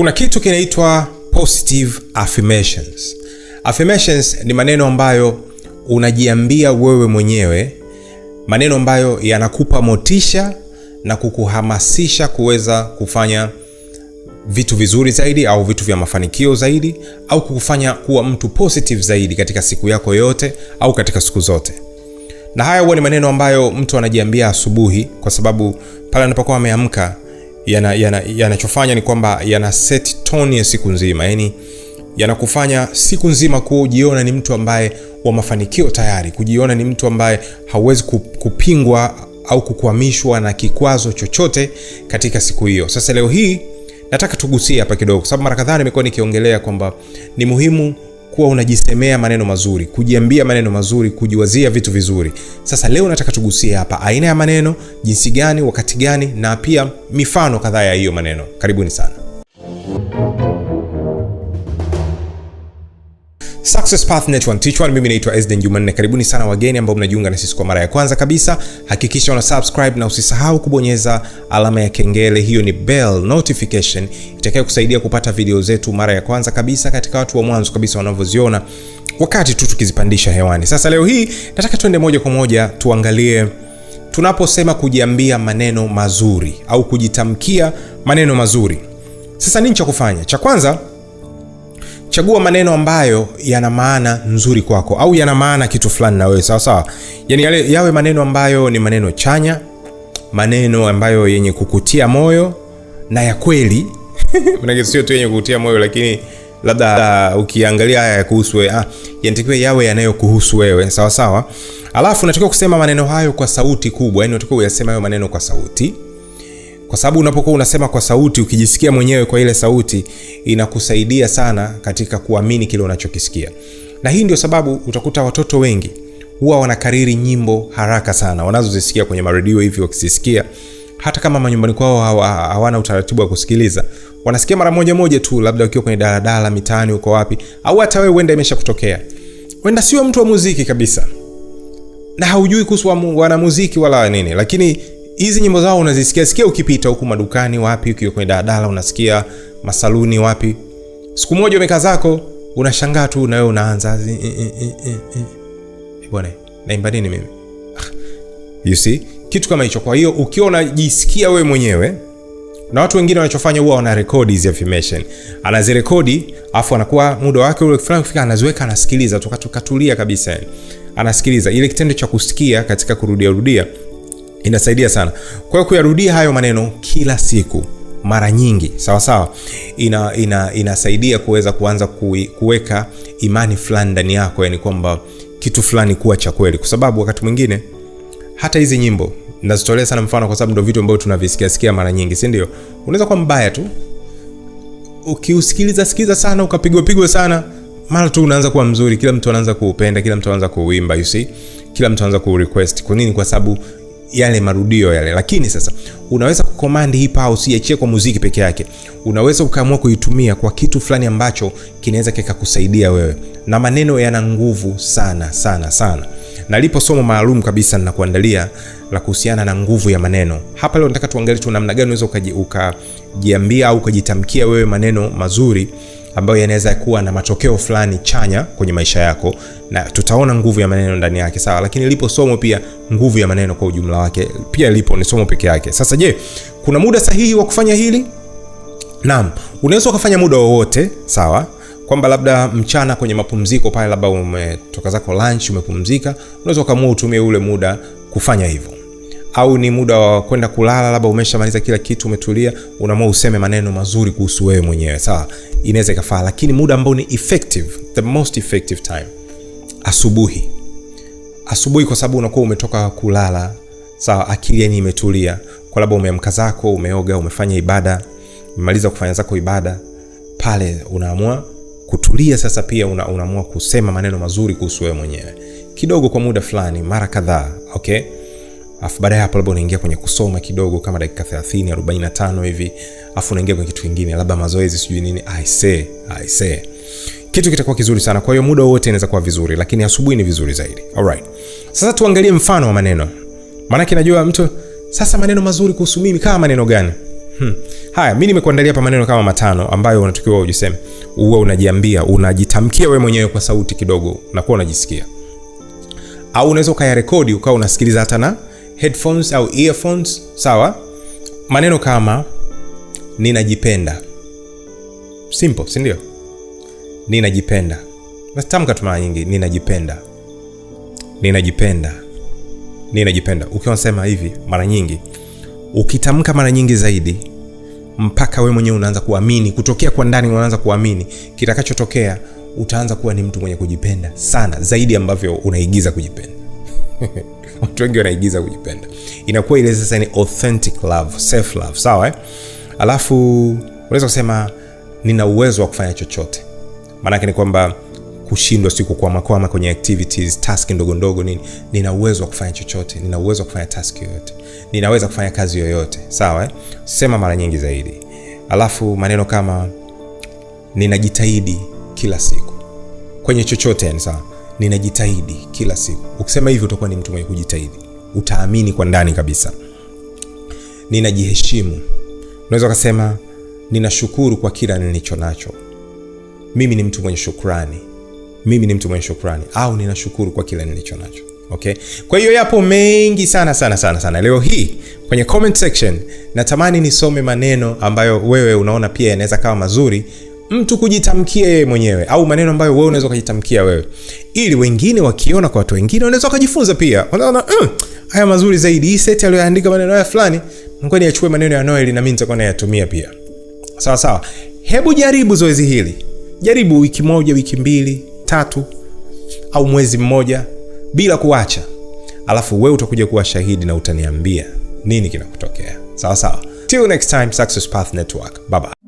Kuna kitu kinaitwa positive affirmations. Affirmations ni maneno ambayo unajiambia wewe mwenyewe, maneno ambayo yanakupa motisha na kukuhamasisha kuweza kufanya vitu vizuri zaidi au vitu vya mafanikio zaidi au kukufanya kuwa mtu positive zaidi katika siku yako yote au katika siku zote. Na haya huwa ni maneno ambayo mtu anajiambia asubuhi, kwa sababu pale anapokuwa ameamka yanachofanya yana, yana ni kwamba yana set tone ya siku nzima, yani yanakufanya siku nzima kujiona ni mtu ambaye wa mafanikio tayari, kujiona ni mtu ambaye hauwezi kupingwa au kukwamishwa na kikwazo chochote katika siku hiyo. Sasa leo hii nataka tugusie hapa kidogo, kwa sababu mara kadhaa nimekuwa nikiongelea kwamba ni muhimu kuwa unajisemea maneno mazuri, kujiambia maneno mazuri, kujiwazia vitu vizuri. Sasa leo nataka tugusie hapa aina ya maneno, jinsi gani, wakati gani, na pia mifano kadhaa ya hiyo maneno. Karibuni sana. Success Path Network Teach One. Mimi naitwa Ezden na karibuni sana wageni ambao mnajiunga na sisi kwa mara ya kwanza kabisa. Hakikisha una subscribe na usisahau kubonyeza alama ya kengele, hiyo ni bell notification itakayokusaidia kupata video zetu mara ya kwanza kabisa, katika watu wa mwanzo kabisa wanavyoziona wakati tu tukizipandisha hewani. Sasa leo hii nataka tuende moja kwa moja tuangalie tunaposema kujiambia maneno mazuri au kujitamkia maneno mazuri, sasa nini cha kufanya? Cha kwanza chagua maneno ambayo yana maana nzuri kwako au yana maana kitu fulani na wewe sawa sawa. Yani yale yawe maneno ambayo ni maneno chanya, maneno ambayo yenye kukutia moyo na ya kweli maana sio tu yenye kukutia moyo lakini labda uh, ukiangalia haya kuhusu wewe ah, yanatakiwa yawe yanayokuhusu wewe sawa sawa. Alafu unatakiwa kusema maneno hayo kwa sauti kubwa, yani unatakiwa uyasema hayo maneno kwa sauti kwa sababu unapokuwa unasema kwa sauti, ukijisikia mwenyewe kwa ile sauti, inakusaidia sana katika kuamini kile unachokisikia. Na hii ndio sababu utakuta watoto wengi huwa wanakariri nyimbo haraka sana wanazozisikia kwenye maredio hivi, wakizisikia hata kama manyumbani kwao hawana utaratibu wa kusikiliza, wanasikia mara moja moja tu, labda ukiwa kwenye daladala, mitaani, uko wapi, au hata wewe uenda imesha kutokea, wenda sio mtu wa muziki kabisa na haujui kuhusu wanamuziki wala nini, lakini hizi nyimbo zao unazisikia sikia ukipita huku madukani wapi, ukiwa kwenye daladala unasikia, masaluni wapi. Siku moja umekaa zako unashangaa tu na wewe unaanza eh, eh, eh, bwana naimba nini mimi? Ah, you see kitu kama hicho. Kwa hiyo ukiwa unajisikia wewe mwenyewe na watu wengine wanachofanya huwa wana rekodi hizi affirmation, anazirekodi afu anakuwa muda wake ule fulani kufika, anaziweka anasikiliza, tukatulia kabisa, anasikiliza. Ile kitendo cha kusikia katika kurudia rudia inasaidia sana kwa hiyo kuyarudia hayo maneno kila siku mara nyingi sawa sawa ina, ina, inasaidia kuweza kuanza kuweka imani fulani ndani yako yani kwamba kitu fulani kuwa cha kweli kwa sababu wakati mwingine hata hizi nyimbo nazitolea sana mfano kwa sababu ndo vitu ambavyo tunavisikiasikia mara nyingi si ndio unaweza kuwa mbaya tu ukiusikiliza sikiliza sana ukapigwapigwa sana mara tu unaanza kuwa mzuri kila mtu anaanza kuupenda kila mtu anaanza kuuimba you see kila mtu anaanza kurequest kwa nini kwa sababu yale marudio yale. Lakini sasa unaweza kukomandi hii pause iachie kwa muziki peke yake, unaweza ukaamua kuitumia kwa kitu fulani ambacho kinaweza kikakusaidia wewe, na maneno yana nguvu sana sana sana, na lipo somo maalum kabisa ninakuandalia la kuhusiana na nguvu ya maneno. Hapa leo nataka tuangalie tu namna gani unaweza ukajiambia au ukajitamkia wewe maneno mazuri ambayo yanaweza kuwa na matokeo fulani chanya kwenye maisha yako na tutaona nguvu ya maneno ndani yake sawa lakini lipo somo pia nguvu ya maneno kwa ujumla wake pia lipo ni somo peke yake sasa je kuna muda sahihi wa kufanya hili naam unaweza ukafanya muda wowote sawa kwamba labda mchana kwenye mapumziko pale labda umetoka zako lunch umepumzika unaweza ukaamua utumie ule muda kufanya hivyo au ni muda wa kwenda kulala, labda umeshamaliza kila kitu, umetulia, unaamua useme maneno mazuri kuhusu wewe mwenyewe, sawa, inaweza ikafaa. Lakini muda ambao ni effective, the most effective time, asubuhi. Asubuhi kwa sababu unakuwa umetoka kulala, sawa, akili yani imetulia, kwa labda umeamka zako, umeoga, umefanya ibada, umemaliza kufanya zako ibada, pale unaamua kutulia sasa. Pia unaamua kusema maneno mazuri kuhusu wewe mwenyewe kidogo, kwa muda fulani, mara kadhaa, okay afu baada ya hapo labda unaingia kwenye kusoma kidogo kama dakika 30 45 hivi afu unaingia kwenye kitu kingine labda mazoezi sijui nini i say i say kitu kitakuwa kizuri sana kwa hiyo muda wote inaweza kuwa vizuri lakini asubuhi ni vizuri zaidi Alright. sasa tuangalie mfano wa maneno maanake najua mtu sasa maneno mazuri kuhusu mimi kama maneno gani hmm. haya mi nimekuandalia hapa maneno kama matano ambayo unatakiwa ujiseme uwe unajiambia unajitamkia wewe mwenyewe kwa sauti kidogo unakuwa unajisikia au unaweza ukayarekodi ukawa unasikiliza hata na headphones au earphones, sawa, maneno kama ninajipenda, simple, si ndio? Ninajipenda, natamka tu mara nyingi, ninajipenda, ninajipenda, ninajipenda. Ukiwa unasema hivi mara nyingi, ukitamka mara nyingi zaidi, mpaka we mwenyewe unaanza kuamini, kutokea kwa ndani unaanza kuamini, kitakachotokea utaanza kuwa ni mtu mwenye kujipenda sana zaidi ambavyo unaigiza kujipenda watu wengi wanaigiza kujipenda inakuwa ile sasa ni authentic love self love sawa eh? alafu unaweza kusema nina uwezo wa kufanya chochote maanake ni kwamba kushindwa si kukwamakwama kwenye activities task ndogo ndogo nini nina uwezo wa kufanya chochote nina uwezo wa kufanya task yoyote ninaweza kufanya kazi yoyote sawa eh? sema mara nyingi zaidi alafu maneno kama ninajitahidi kila siku kwenye chochote yani sawa ninajitahidi kila siku. Ukisema hivyo utakuwa ni mtu mwenye kujitahidi, utaamini kwa ndani kabisa. Ninajiheshimu, unaweza ukasema ninashukuru kwa kila nilicho nacho. Mimi ni mtu mwenye shukrani, mimi ni mtu mwenye shukrani, au ninashukuru kwa kila nilicho nacho. Okay. Kwa hiyo yapo mengi sana sana sana sana. Leo hii kwenye comment section natamani nisome maneno ambayo wewe unaona pia yanaweza kawa mazuri mtu kujitamkia yeye mwenyewe au maneno ambayo wewe unaweza ukajitamkia wewe, ili wengine wakiona kwa watu wengine wanaweza wakajifunza pia, wanaona mm, haya mazuri zaidi, hii seti aliyoandika maneno haya fulani, ngoja niachukue maneno ya Noel na mimi nitakuwa nayatumia pia. Sawa sawa, hebu jaribu zoezi hili, jaribu wiki moja, wiki mbili, tatu au mwezi mmoja bila kuacha, alafu wewe utakuja kuwa shahidi na utaniambia nini kinakutokea. Sawa sawa, till next time, Success Path Network, baba